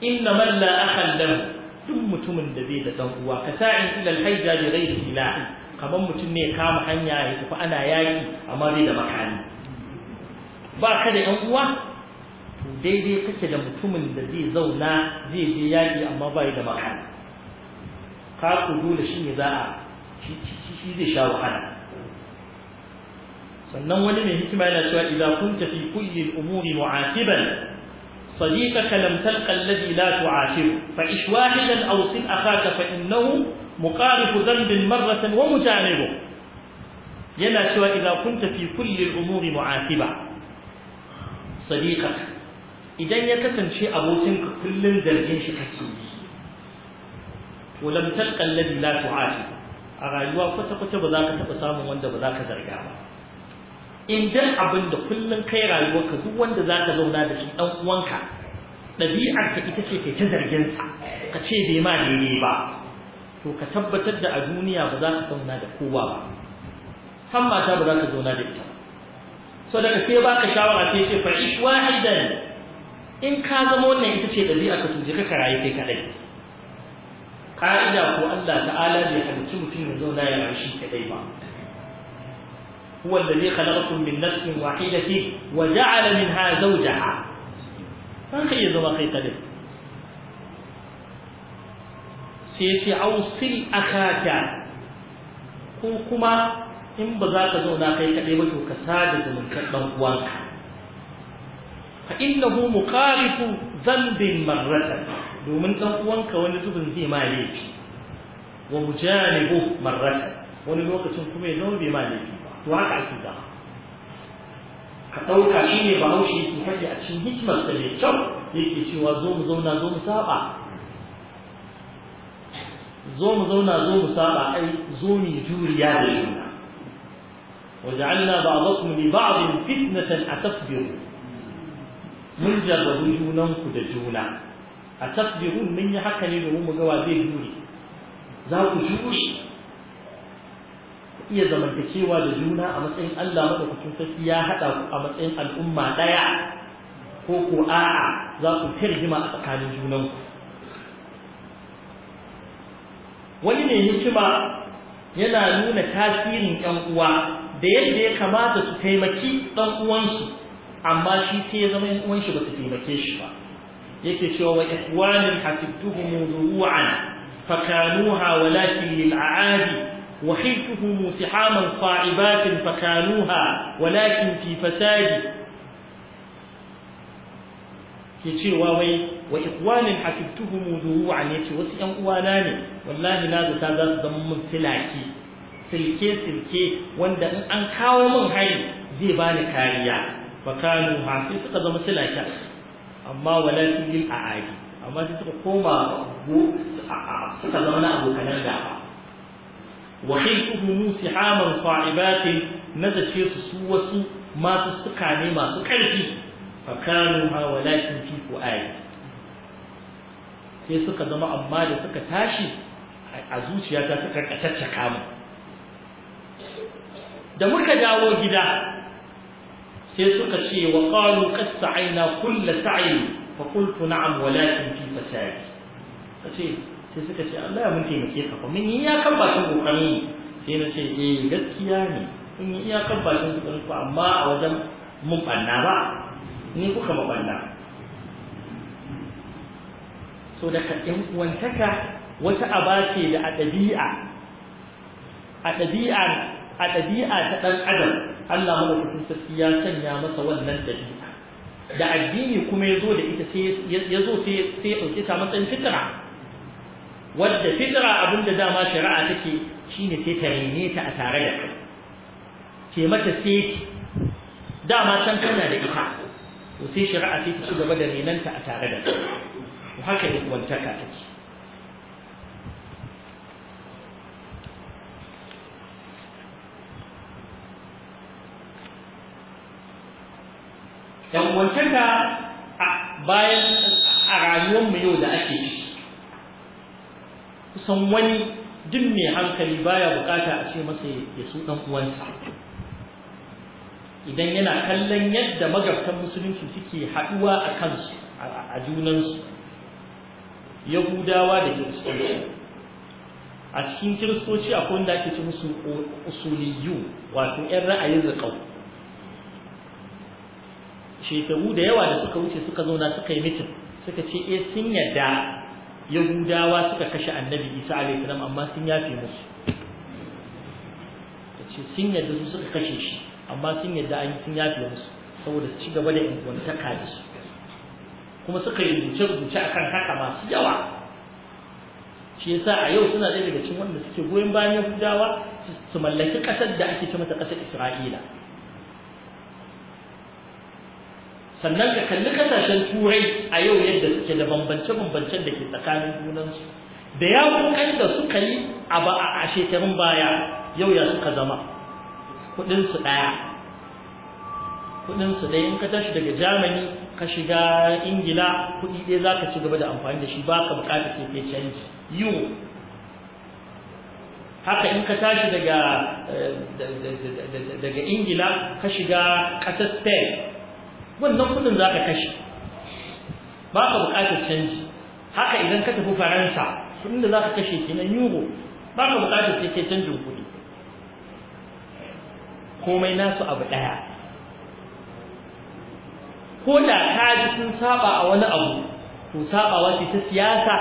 B: inna man la akhan lahu duk mutumin da zai da dan uwa ka sa'in ila alhaija bi ghairi ilah kamar mutum ne kama hanya ya tafi ana yaki amma bai da makani ba ka da yan uwa to daidai kake da mutumin da zai zauna zai je yaki amma bai da makami ka ku dole shi ne za a shi zai sha wahala sannan wani mai hikima yana cewa idza kunta fi kulli al-umuri mu'asiban صديقك لم تلق الذي لا تعاشره فإش واحدا أو صل أخاك فإنه مقارف ذنب مرة ومجانبه يلا سوى إذا كنت في كل الأمور معاتبا صديقك إذا يكتن شيء أبو سنك كل درجين شكسي ولم تلق الذي لا تعاشره أغايوا فتقت بذاك kwata وانت بذاك ka in dan abin da kullun kai rayuwarka duk wanda za ka zauna da shi dan uwanka ɗabi'arka ita ce kai ta zargin sa ka ce bai ma daidai ba to ka tabbatar da a duniya ba za ka zauna da kowa ba san mata ba za ka zauna da ita so daga sai baka shawara sai ce fa wahidan in ka zama wannan ita ce ɗabi'a ka tuje ka rayu kai kaɗai. ka'ida ko Allah ta'ala bai halicci mutum ya zauna ya shi kaɗai ba هو الذي خلقكم من نفس واحدة وجعل منها زوجها فان خي زواقي قدر سيسي أوصل أخاك كوكما إن بذاك زونا قيك قيمة كسادة من كتبه وانك فإنه مخالف ذنب مرة domin ɗan uwanka wani zubin zai ma laifi wa mujanibu marrata wani lokacin kuma ya zama bai ma laifi to haka ake zama ka ɗauka shi ne bahaushe yake faɗi a cikin hikimar da mai kyau yake cewa zo mu zauna zo mu saba zo mu zauna zo mu saba ai zo mu juriya da juna وجعلنا بعضكم لبعض فتنة أتصبروا mun jarrabu junanku da juna a tasbihun mun yi haka ne domin mu ga zai za ku iya zamantakewa da juna a matsayin Allah madaukakin sarki ya haɗa ku a matsayin al'umma ɗaya ko ko a'a za ku firgima a tsakanin junanku wani mai hikima yana nuna tasirin ƴan uwa da yadda ya kamata su taimaki ɗan uwansu amma shi sai ya zama ƴan uwanshi ba su taimake shi ba yake cewa wa ihwanin hafidtuhum du'an fakanuha walakin lil'aadi وحيتهم سحاما صائبات فكانوها ولكن في فساد ke cewa wai wa ikwanin hafiftuhum zuwa'an yace wasu 'yan uwana ne wallahi na zata za su zama mun filaki silke silke wanda in an kawo min hari zai bani kariya fa kanu suka zama silaki amma walakin lil a'adi amma sai suka koma su suka zama na abokanan gaba وحيثهم سحاما صاعبات نزشي سوسو ما تسكاني ما سكرتي فكانوا ولكن في فؤاد sai suka zama amma da suka tashi a zuciyata suka kataccaka da muka dawo gida sai suka ce wa qalu qad sa'ayna kull sa'i fa qultu na'am walakin fi fasad kace sai suka ce Allah ya mun taimake ka fa mun yi kan bakin kokari sai na ce eh gaskiya ne mun yi kan bakin kokari ku amma a wajen mun banna ba ni kuka ma banna so da ka ɗan uwantaka wata aba ce da a ɗabi'a a ɗabi'a a ɗabi'a ta ɗan adam Allah madaukakin sarki ya sanya masa wannan ɗabi'a da addini kuma ya zo da ita sai ya zo sai ya ɗauke ta matsayin fitra wadda fitra abin da dama shari'a take ne sai ta rene ta a tare da kai ce mata sai dama san tana da ita to sai shari'a sai ta ci gaba da renanta a tare da kai haka ne wantaka take yan wantaka bayan a rayuwar mu yau da ake ciki kusan wani duk mai hankali baya bukata a ce masa ya su ɗan uwansa idan yana kallon yadda magabtan musulunci suke haɗuwa a kansu a junansu yahudawa da kiristoci a cikin kiristoci akwai wanda ake ci musu usuliyu wato 'yan ra'ayin zakau shekaru da yawa da suka wuce suka zauna suka yi mitin suka ce eh sun yadda yahudawa suka kashe annabi isa alaihi salam amma sun yafe musu ce sun yadda su suka kashe shi amma sun yadda an sun yafe musu saboda su ci gaba da ingantaka da kuma suka yi rubuce rubuce akan haka masu yawa shi yasa a yau suna ɗaya daga cikin wanda suke goyon bayan yahudawa su mallaki ƙasar da ake ce mata ƙasar isra'ila sannan ka kalli kasashen turai a yau yadda suke da bambance-bambancen da ke tsakanin junansu da ya kokan da suka yi a ba a shekarun baya yau ya suka zama kudinsu ɗaya kudinsu ɗaya in ka tashi daga germany ka shiga ingila kudi ɗaya za ka ci gaba da amfani da shi ba ka bukata ke ke canji yiwu haka in ka tashi daga eh, ingila ka shiga ƙasar spain wannan kudin za ka kashe ba ka bukatar canji haka idan ka tafi faransa kudin da za ka kashe kenan euro ba ka bukatar sai kai canjin kudi komai nasu abu ɗaya ko da ji sun saba a wani abu to sabawa ce ta siyasa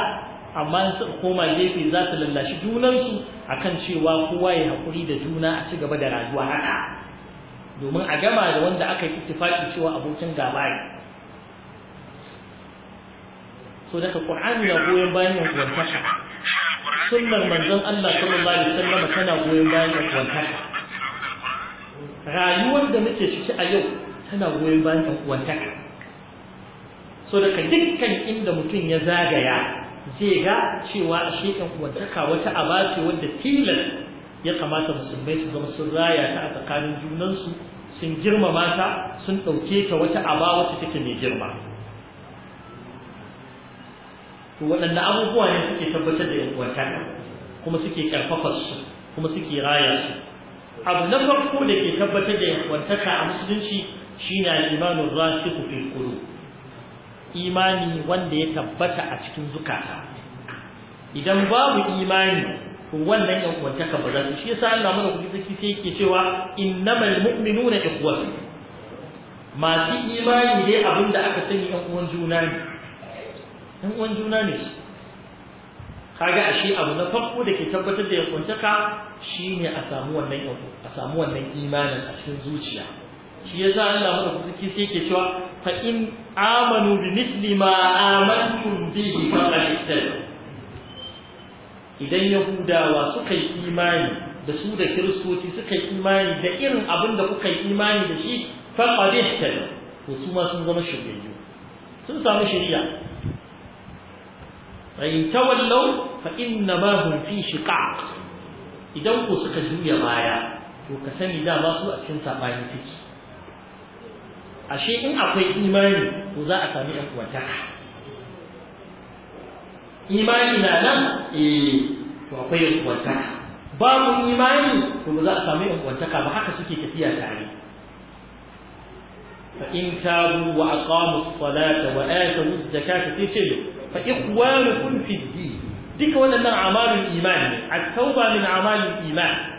B: amma su koma gefe za su lallashi junansu akan cewa kowa ya haƙuri da juna a ci gaba da rayuwa haka domin a gama da wanda aka yi ittifaki cewa abokin gaba ne so daga qur'ani na goyon bayan yankuwantaka sunnar manzon Allah sallallahu alaihi wasallam tana goyon bayan yankuwantaka rayuwar da muke ciki a yau tana goyon bayan yankuwantaka so daga dukkan inda mutum ya zagaya zai ga cewa shekan kuwantaka wata aba ce wadda tilas ya kamata musulmai su zama sun raya ta a tsakanin junansu sun girmama ta sun ɗauke ta wata aba wacce take mai girma to waɗanne abubuwa ne suke tabbatar da yan kuma suke ƙarfafa su kuma suke raya su abu na farko da ke tabbatar da yan a musulunci shine al-imanu rasikhu fil qulub imani wanda ya tabbata a cikin zukata idan babu imani to wannan yan uwantaka ba za su shi yasa Allah mana kuɗi zaki sai yake cewa innamal mu'minuna ikhwatu masu imani dai abin da aka sani yan uwan juna ne yan uwan juna ne kaga ashe abu na farko da ke tabbatar da yan uwantaka shine a samu wannan a samu wannan imanin a cikin zuciya shi yasa Allah mana kuɗi sai yake cewa fa in amanu bi Nisli ma amantum bihi faqad ihtadaw idan yahudawa suka yi imani da su da kiristoci suka yi imani da irin abin da kuka yi imani da shi faqad ihtadu su ma sun zama shiryayyu sun samu shirya fa in tawallaw fa inna ma hum fi shiqaq idan ku suka juya baya to ka sani da ba su a cikin sabani suke ashe in akwai imani ko za a sami yan imani na nan eh, to akwai kwantaka babu imani to ba za a samu kwantaka ba haka suke tafiya tare fa in tabu wa aqamu as-salata wa atu az-zakata fi sabili fa ikhwanukum fi din duka wannan amalin imani at-tauba min amalin iman.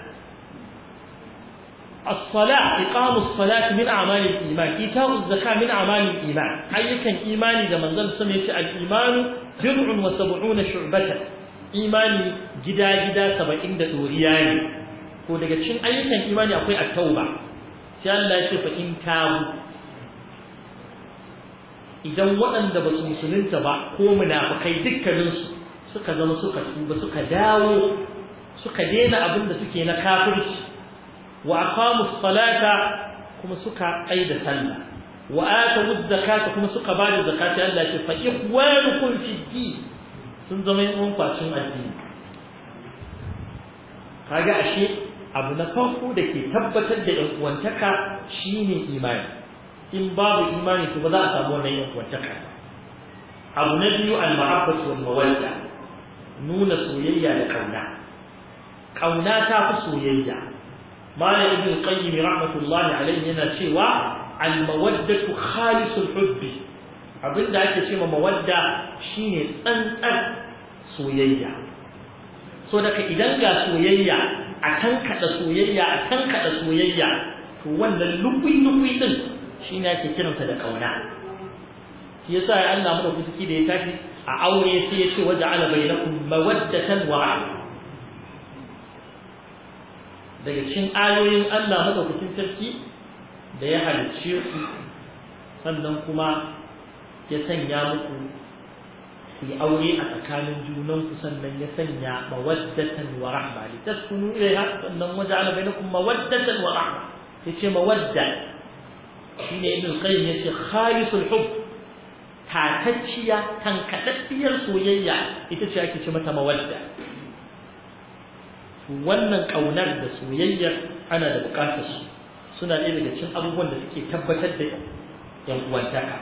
B: الصلاة إقام الصلاة من أعمال الإيمان إيتاء الزكاة من أعمال الإيمان أي كان إيماني ده من ذلك سمي الإيمان جرع وسبعون شعبة إيماني جدا جدا سبعين ده دورياني ودقى تشين أي كان إيماني أقوي التوبة سأل الله يشوف إن تابوا idan waɗanda ba su musulunta ba ko munafukai dukkaninsu suka zama suka tuba suka dawo suka daina abin da suke na kafirci wa aqamu salata kuma suka aida sallah wa atu zakata kuma suka ba da zakata Allah ya ce fa ikwanukum fi din sun zama yan kwacin addini kaga ashe abu na farko da ke tabbatar da yan uwantaka shine imani in babu imani to ba za a samu wannan yan abu na biyu al-mahabbatu wal mawadda nuna soyayya da kauna kauna ta fi soyayya malam ibn qayyim rahmatullahi alayhi yana cewa al mawaddatu khalisul hubbi abinda ake cewa mawadda shine tsantsan soyayya so daga idan ga soyayya a tankada soyayya a tankada soyayya to wannan lukui lukui din shine ake kiransa da kauna shi yasa Allah mu da ya tashi a aure sai ya ce waja'ala bainakum mawaddatan wa daga cikin ayoyin Allah madaukakin sarki da ya halicce ku sannan kuma ya sanya muku ku yi aure a tsakanin junanku sannan ya sanya mawaddatan wa rahma li taskunu ilaiha sannan waja'ala bainakum mawaddatan wa rahma yace mawadda shine ibn qayyim yace khalisul hubb tatacciya tankaɗaɗɗiyar soyayya ita ce ake ce mata mawadda wannan ƙaunar da soyayyar ana da buƙatar su suna ɗaya daga cikin abubuwan da suke tabbatar da yan uwantaka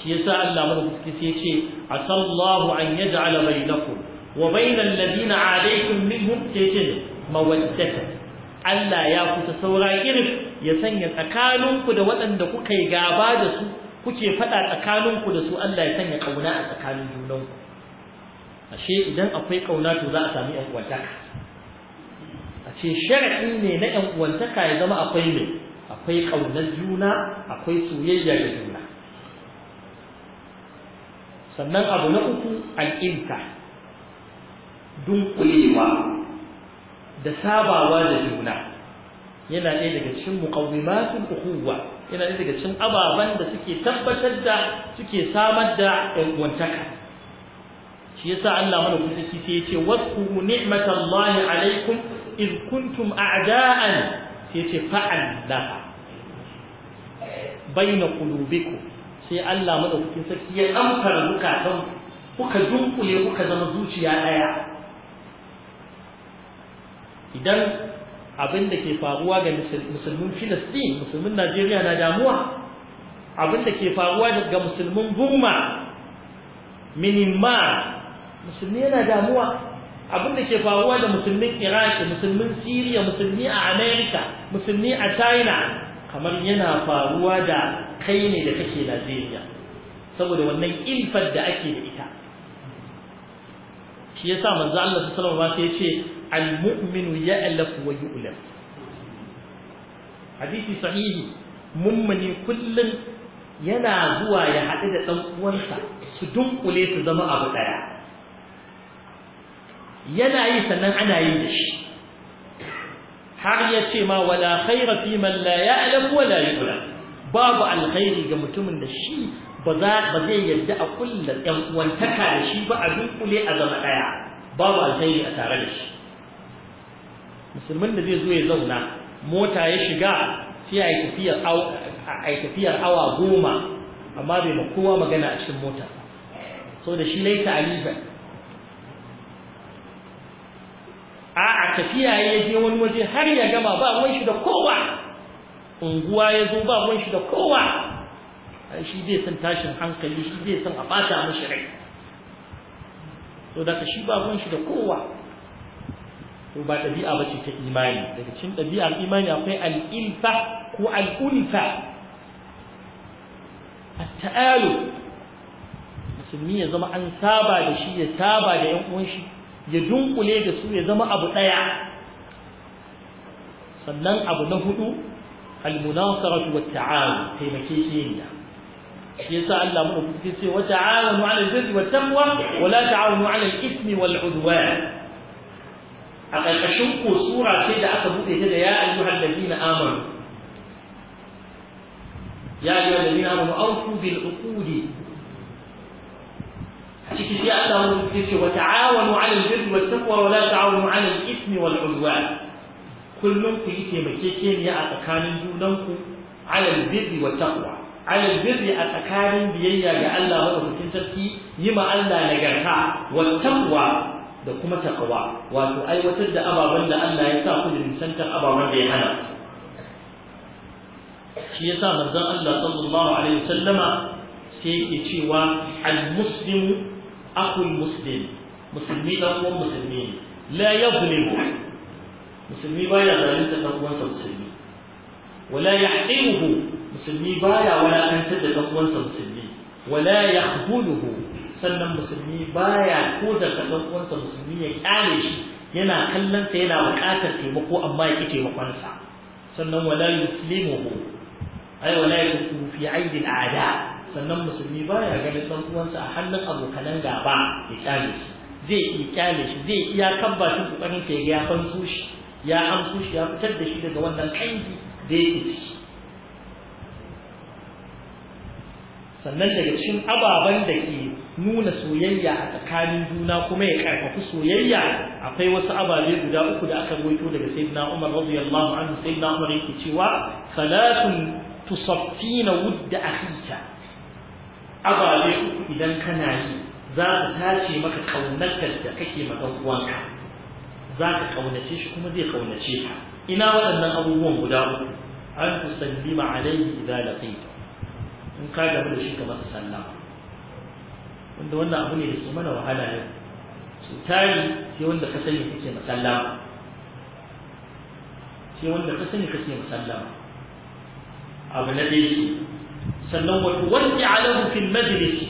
B: shi yasa Allah mana suke sai ce asallahu an yaj'ala bainakum wa bainal ladina alaykum minhum sayyi'in mawaddata Allah ya kusa saura irin ya sanya tsakaninku da waɗanda kuka yi gaba da su kuke faɗa tsakaninku da su Allah ya sanya ƙauna a tsakanin junanku ashe idan akwai ƙauna to za a sami yan uwantaka ce shar'i ne na yan uwantaka ya zama akwai ne akwai ƙaunar juna akwai soyayya da juna sannan abu na uku al'inta dunkulewa da sabawa da juna yana ɗaya daga cikin masu uhuwa, yana ɗaya daga cikin ababen da suke tabbatar da suke samar da ƴan uwantaka shi yasa Allah mana kusa kike yace wasu ni'matallahi alaikum إذ كنتم أعداء فألف بين قلوبكم sai Allah madaukakin sarki ya amfara zukatan kuka dunkule kuka zama zuciya ɗaya idan abin da ke faruwa ga musulmin Filistin musulmin Najeriya na damuwa abin da ke faruwa ga musulmin Burma Minimar musulmi yana damuwa abin da ke faruwa da musulmin iraki musulmin siriya musulmi a america musulmi a china kamar yana faruwa da kai ne da kake najeriya saboda wannan ilfar da ake da ita shi yasa manzo Allah sallallahu alaihi wasallam yace al-mu'minu ya'laf wa yu'laf hadisi sahihi mummuni kullun yana zuwa ya haɗu da ɗan uwansa su dunkule su zama abu ɗaya yana yi sannan ana yi da shi har ya ce ma wala khaira fi man la ya'lam wala yu'lam babu alkhairi ga mutumin da shi ba za ba zai yadda a kulla ɗan uwantaka da shi ba a dunkule a zama ɗaya babu alkhairi a tare da shi musulmin da zai zo ya zauna mota ya shiga sai a tafiyar a tafiyar awa goma amma bai ma kowa magana a cikin mota so da shi laita aliban a'a tafiya ya je wani waje har ya gama ba ruwan shi da kowa unguwa ya zo ba ruwan shi da kowa shi zai san tashin hankali shi zai san a bata mashi rai so da shi ba ruwan shi da kowa to ba ɗabi'a ba ce ta imani daga cikin ɗabi'ar imani akwai al'ilfa ko al'ulfa A taalu musulmi ya zama an saba da shi ya saba da yan uwan shi ya dunkule da su ya zama abu ɗaya sannan abu na hudu almunasaratu wa ta'awun taimake shi shi yasa Allah mu kuke ce wa ta'awunu 'ala al-birri wa taqwa wa la ta'awunu 'ala al-ithmi wal 'udwan a ƙarƙashin ko sura ce da aka buɗe ta da ya ayyuhal ladina amanu ya ayyuhal ladina amanu awfu bil uqudi a cikin sai Allah mun ce wa ta'awanu 'alal birri wat wa la ta'awanu 'alal ithmi wal 'udwan kullum ku yi taimakekeniya a tsakanin junanku alal birri wa taqwa alal birri a tsakanin biyayya ga Allah madaukakin sarki yi ma Allah nagarta wa taqwa da kuma taqwa wato aiwatar da ababen da Allah ya ku da nisantar ababen da ya hana shi yasa manzon Allah sallallahu alaihi wasallama sai ya cewa al-muslimu akhul musulmi. musulmi dan uwan musulmi ne la yadhlimu musulmi baya zalunta dan uwansa musulmi wala yahqiruhu musulmi baya walakantar da dan uwansa musulmi wala yakhdhuluhu sannan musulmi baya ko da dan uwansa musulmi ya kyale shi yana kallon sa yana buƙatar taimako amma ya kice makonsa sannan wala yuslimuhu ay wala yakunu fi aidi al'ada sannan musulmi baya ganin dan uwansa a hannun abokanan gaba ya kyale shi zai iya kyale shi zai iya kabba shi kokarin sa ya fansu shi ya amsu shi ya fitar da shi daga wannan kangi da yake ciki sannan daga cikin ababen da ke nuna soyayya a tsakanin juna kuma ya karfafi soyayya akwai wasu ababe guda uku da aka goito daga sayyidina Umar radiyallahu anhu sayyidina Umar yake cewa salatun tusaffina wudda akhika ababe uku idan kana yi za ka tace maka ƙaunar da kake ma dan uwanka za ka kaunace shi kuma zai kaunace ka ina waɗannan abubuwan guda uku an tusallima alaihi idza laqita in ka gamu da shi ka masa sallama wanda wannan abu ne da ke mana wahala yau su tari sai wanda ka sani kake masallama sai wanda ka sani kake masallama abu na ɗaya sannan wa tuwalli alamu fil majlis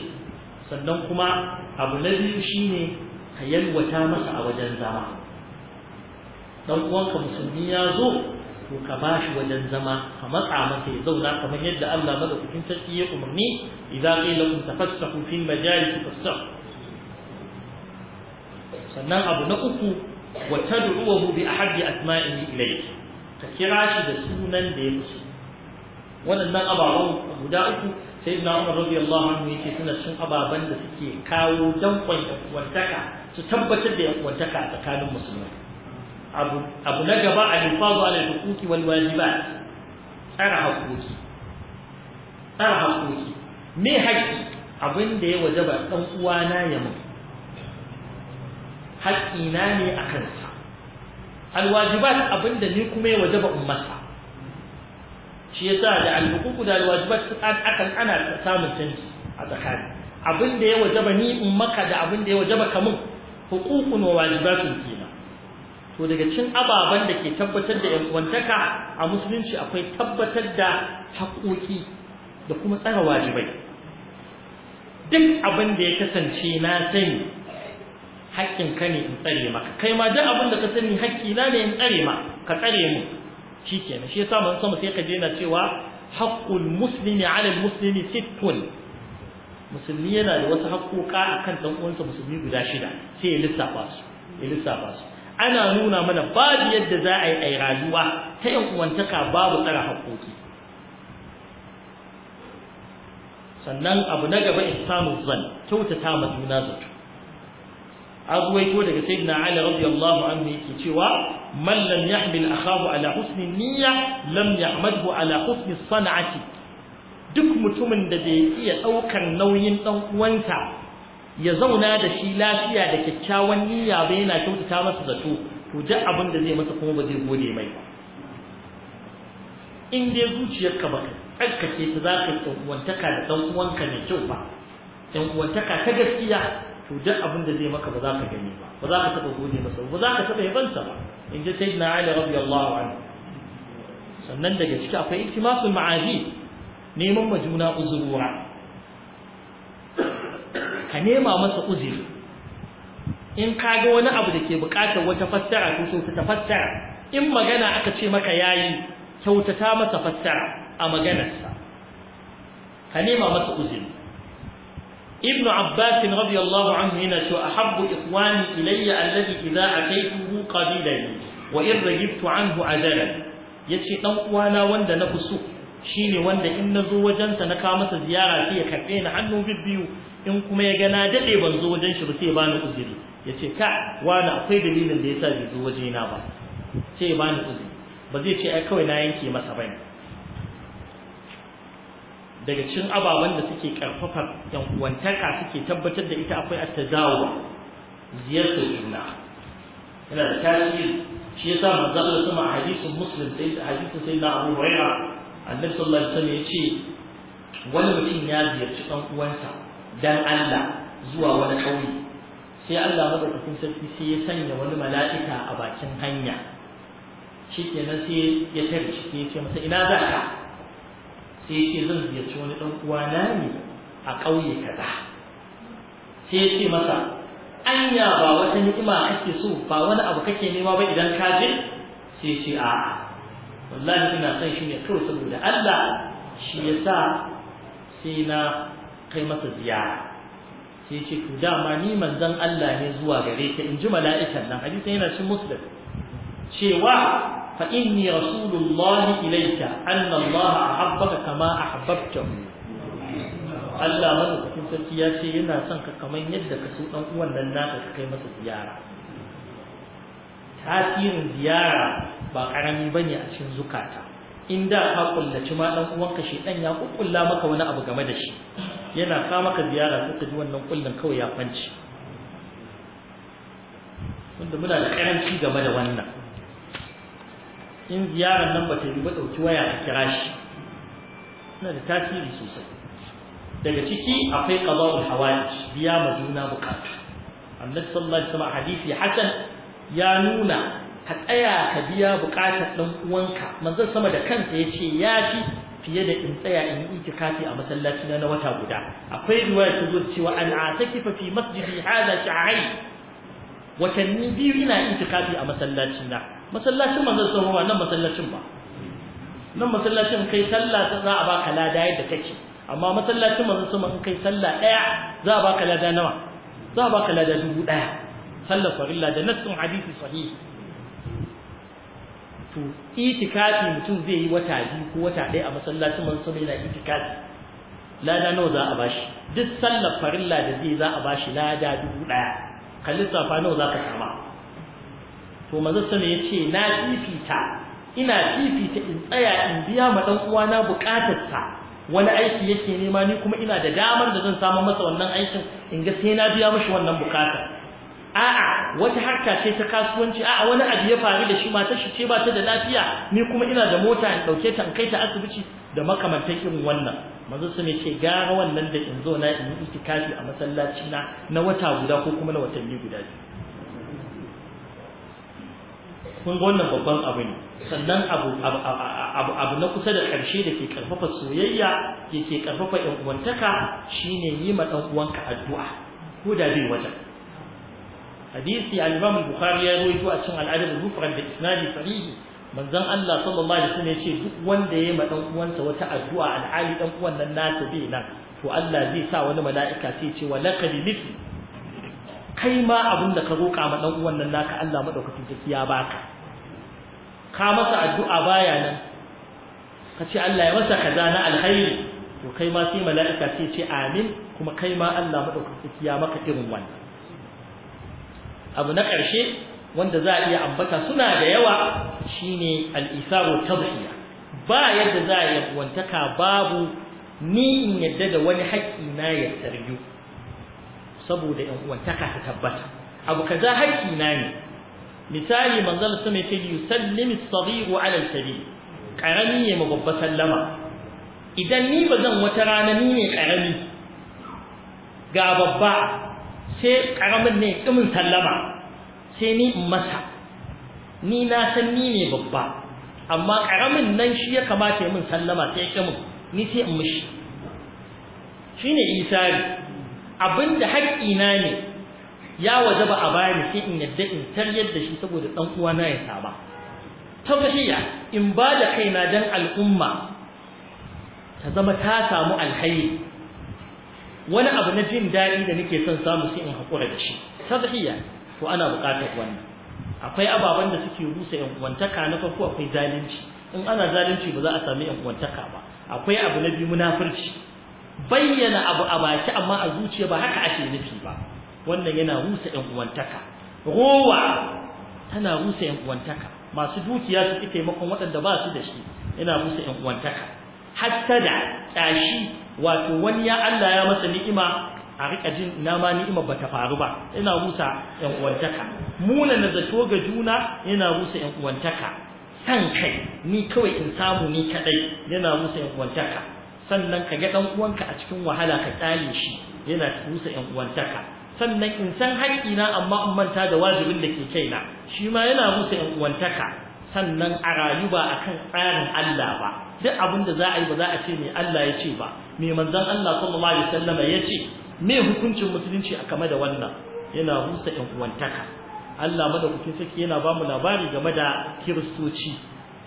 B: sannan kuma abu na biyu shine ka yalwata masa a wajen zama dan uwanka musulmi ya zo to ka bashi wajen zama ka matsa masa ya zauna kamar yadda Allah madaukakin sarki ya umarni idza qila kum tafassahu fil majalis tafassahu sannan abu na uku wa tad'uhu bi ahaddi asma'ihi ilayhi ka kira shi da sunan da ya fi waɗannan ababen guda uku sai na umar radiyallahu anhu yake suna cin ababen da suke kawo dankon yankuwantaka su tabbatar da yankuwantaka a tsakanin musulmai abu na gaba a nufazu ala hukuki wal wajibat tsara hakoki tsara hakoki me haƙƙi abin da ya wajaba ɗan na ya mutu na ne a kansa alwajibat abin da ni kuma ya wajaba ummata shi yasa da guda da su an akan ana samun canji a tsakani abin da ya wajaba ni in maka da abin da ya wajaba ka mun wajiba sun wajibatun na. to daga cikin ababen da ke tabbatar da yan a musulunci akwai tabbatar da haƙoƙi da kuma tsara wajibai duk abin da ya kasance na sani ka ne in tsare maka kai ma duk abin da ka sani haƙƙina ne in tsare ma ka tsare mu shi kenan shi ya samun sama sai ka je cewa haqqul musulmi ala muslimi sittun musulmi yana da wasu haƙoƙa akan ɗan uwansa musulmi guda shida sai ya lissafa su ya lissafa su ana nuna mana babu yadda za a yi a rayuwa ta yan uwantaka babu tsara haƙoƙi sannan abu na gaba ihsanu zan kyautata ma juna zato an daga sayyidina ali radiyallahu anhu yake cewa man lam yahmil akhahu ala husni niyya lam yahmadhu ala husni sana'ati duk mutumin da bai iya daukar nauyin dan uwansa ya zauna da shi lafiya da kyakkyawan niyya ba yana kyautata masa zato to duk abin da zai masa kuma ba zai gode mai in dai zuciyarka ba ka tsarkake ta za ka yi uwantaka da dan uwanka mai kyau ba dan uwantaka ta gaskiya to duk abin da zai maka ba za ka gani ba ba za ka taɓa gode masa ba za ka taɓa yabansa ba in ji sayyidina ali radiyallahu anhu sannan daga ciki akwai iltimasul ma'azi neman ma juna ka nema masa uzuri in ka ga wani abu da ke buƙatar wata fassara ko kyautata fassara in magana aka ce maka yayi kyautata masa fassara a maganarsa ka nema masa uzuri ibn Abbasin radiyallahu anhu yana cewa ahabbu ikhwani ilayya alladhi idza ataytuhu qabilani wa in rajibtu anhu Ya ce dan uwana wanda na fusu shine wanda in nazo wajensa na kawo masa ziyara sai ya karbe ni hannu bibbiyu in kuma ya ga na dade ban zo wajen shi ba sai ya bani uzuri yace ka akwai dalilin da ya sa bai zo wajena ba sai ya bani uzuri ba zai ce a kawai na yanke masa bane daga cikin ababen da suke karfafa yan uwantaka suke tabbatar da ita akwai at ziyartar juna yana da tasiri shi yasa manzo Allah sama hadisin muslim sai da hadisin sai da Abu Hurairah annabi sallallahu alaihi wasallam yace wani mutum ya ziyarci dan uwansa dan Allah zuwa wani kauye sai Allah madaukakin sarki sai ya sanya wani mala'ika a bakin hanya shikenan sai ya tare shi sai ya ce masa ina za ka sai ce zan ziyarci wani ɗan uwana ne a ƙauye kaza sai ce masa anya ba wata ni'ima kake so ba wani abu kake nema ba idan ka je sai ce a'a wallahi ina son shi ne kawai saboda Allah shi ya sa sai na kai masa ziyara sai ce to dama ni manzon Allah ne zuwa gare ka in ji mala'ikan nan hadisin yana cikin muslim cewa فإني رسول الله إليك أن الله أحبك كما أحببته Allah madaukakin sarki ya ce yana son ka kamar yadda ka so ɗan uwan nan naka ka kai masa ziyara tasirin ziyara ba karami bane a cikin zukata in da ka kullaci ma ɗan'uwanka uwanka shi ɗan ya kukkulla maka wani abu game da shi yana ka maka ziyara ko ka ji wannan kullum kawai ya fanci wanda muna da karanci game da wannan in ziyarar nan bata yi ba ɗauki waya ka kira shi na da tasiri sosai daga ciki akwai ƙazawar hawaii, biya ma juna bukatu annabi sallallahu alaihi wasallam hadisi hasan ya nuna ka tsaya ka biya bukatar dan uwanka manzon sama da kansa ya yafi fiye da in tsaya in yi itikafi a masallaci na wata guda akwai riwaya ta zo cewa an atakifa fi masjidi hada sha'ai watanni biyu ina itikafi a masallaci na masallacin manzon sun ruwa nan masallacin ba nan masallacin kai sallah ta za a baka lada yadda take amma masallacin manzon sun in kai sallah daya za a baka lada nawa za a baka lada dubu daya sallar farilla da nassun hadisi sahihi to itikafi mutum zai yi wata biyu ko wata ɗaya a masallacin manzon sun yana itikafi lada nawa za a bashi duk sallar farilla da zai za a bashi lada dubu daya kalli safa nawa za ka sama to manzo sama ya ce na fifita ina fifita in tsaya in biya ma dan uwana bukatarsa wani aiki yake nema ni kuma ina da damar da zan samu masa wannan aikin in ga sai na biya mishi wannan bukatar a'a wata harka ce ta kasuwanci a'a wani abu ya faru da shi matar shi ce ba ta da lafiya ni kuma ina da mota in dauke ta in kai ta asibiti da makamantan irin wannan manzo su ne ce gara wannan da in zo na in yi itikafi a masallaci na na wata guda ko kuma na watanni guda biyu kun wannan babban abu ne sannan abu abu abu na kusa da ƙarshe da ke karfafa soyayya ke karfafa ƴan uwantaka shine yi ma ɗan uwanka addu'a ko da bai wajen hadisi al-Imam al-Bukhari ya rawaito a cikin al-Adab al-Mufrad da isnadi sahihi manzon Allah sallallahu alaihi wasallam ya ce duk wanda ya ma ɗan uwansa wata addu'a alhali ɗan uwan nan nasa bai nan to Allah zai sa wani mala'ika sai ce wa laqad mithli kai ma abin da ka roƙa ma dan uwan nan naka Allah madaukakin sarki ya baka ka masa addu'a baya nan ka ce Allah ya masa kaza na alkhairi to kai ma sai mala'ika sai ce amin kuma kai ma Allah madaukaki ya maka irin wani. abu na ƙarshe wanda za a iya ambata suna da yawa shine al-isaru tadhiya ba yadda za a yabwantaka babu ni in yadda da wani haƙƙi na ya sarju saboda in uwantaka ta tabbata abu kaza haƙƙi na ne misali manzon sama yace yusallimu as-saghiru 'ala al-kabir karami ya mababba sallama idan ni bazan wata rana ni ne karami ga babba sai karamin ne kimin sallama sai ni in masa ni na san ni ne babba amma karamin nan shi ya kamata ya min sallama sai kimin ni sai in mishi shine isari abinda haƙƙina ne ya waje ba a bani sai in yadda in taryar da shi saboda dan uwana ya saba tabbashiya in ba da kaina dan al'umma ta zama ta samu alhayi wani abu na jin daɗi da nake son samu sai in haƙura da shi tabbashiya to ana buƙatar wannan akwai ababan da suke rusa yan uwantaka na farko akwai zalunci in ana zalunci ba za a samu yan uwantaka ba akwai abu na biyu munafurci bayyana abu a baki amma a zuciya ba haka ake nufi ba wannan yana rusa yan uwantaka rowa tana rusa yan uwantaka masu dukiya su taimakon waɗanda ba su da shi yana rusa yan uwantaka hatta da tsashi wato wani ya Allah ya masa ni'ima a rika jin nama ma ni'ima bata faru ba yana rusa yan uwantaka muna na zato ga juna yana rusa yan uwantaka san kai ni kawai in samu ni kaɗai. yana rusa yan uwantaka sannan ka ga ɗan uwanka a cikin wahala ka tsale shi yana rusa yan uwantaka sannan in san haƙƙina amma in manta da wajibin da ke kaina shi ma yana musu yan uwantaka sannan a rayu ba akan tsarin Allah ba duk abin da za a yi ba za a ce me Allah ya ce ba me manzon Allah sallallahu alaihi wasallam ya ce me hukuncin musulunci a game da wannan yana musu yan uwantaka Allah madaukakin saki yana ba mu labari game da kiristoci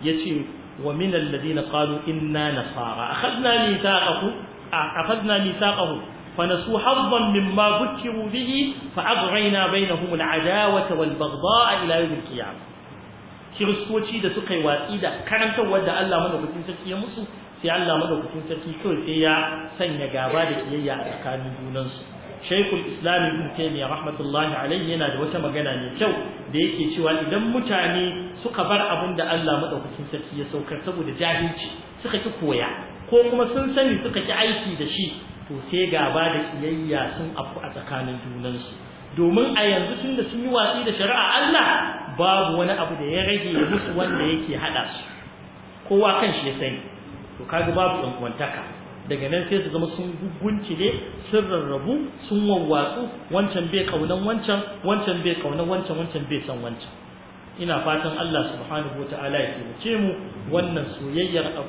B: yace wa min alladhina qalu inna nasara akhadna mithaqahu akhadna mithaqahu فنسوا حظا مما ذكروا به فأبغينا بينهم العداوة والبغضاء إلى يوم القيامة kiristoci da suka yi watsi da karantarwar da Allah madaukakin sarki ya musu sai Allah madaukakin sarki kawai sai ya sanya gaba da ƙiyayya a tsakanin junansu Shaykhul Islam Ibn Taymiyyah rahmatullahi alayhi yana da wata magana mai kyau da yake cewa idan mutane suka bar abun da Allah madaukakin sarki ya saukar saboda jahilci suka ki koya ko kuma sun sani suka ki aiki da shi to sai gaba da iyayya sun afu a tsakanin junansu domin a yanzu tun da sun yi watsi da shari'a Allah babu wani abu da ya rage musu wanda yake haɗa su kowa kan shi ya sani to kaga babu ɗan'uwantaka daga nan sai su zama sun gugunci ne sun rarrabu sun wawwatsu wancan bai kaunan wancan wancan bai kaunan wancan wancan bai san wancan ina fatan Allah subhanahu ta'ala ya taimake mu wannan soyayyar da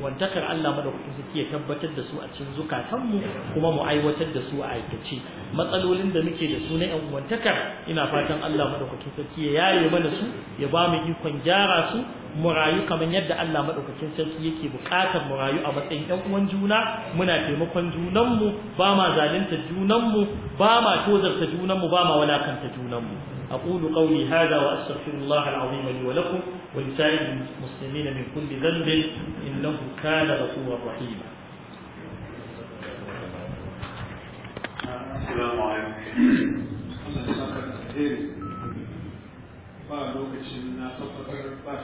B: uwantakar Allah madaukakin sarki ya tabbatar da su a cikin zukatanmu kuma mu aiwatar da su a aikace matsalolin da muke da su na yan uwantakar ina fatan Allah madaukakin sarki ya yaye mana su ya ba mu ikon gyara su mu rayu kamar yadda Allah madaukakin sarki yake bukatar mu rayu a matsayin yan uwan juna muna taimakon junanmu ba ma zalunta junanmu ba ma tozarta junanmu ba ma walakanta junanmu أقول قولي هذا وأستغفر الله العظيم لي ولكم ولسائر المسلمين من كل ذنب إنه كان غفورا رحيما
A: السلام عليكم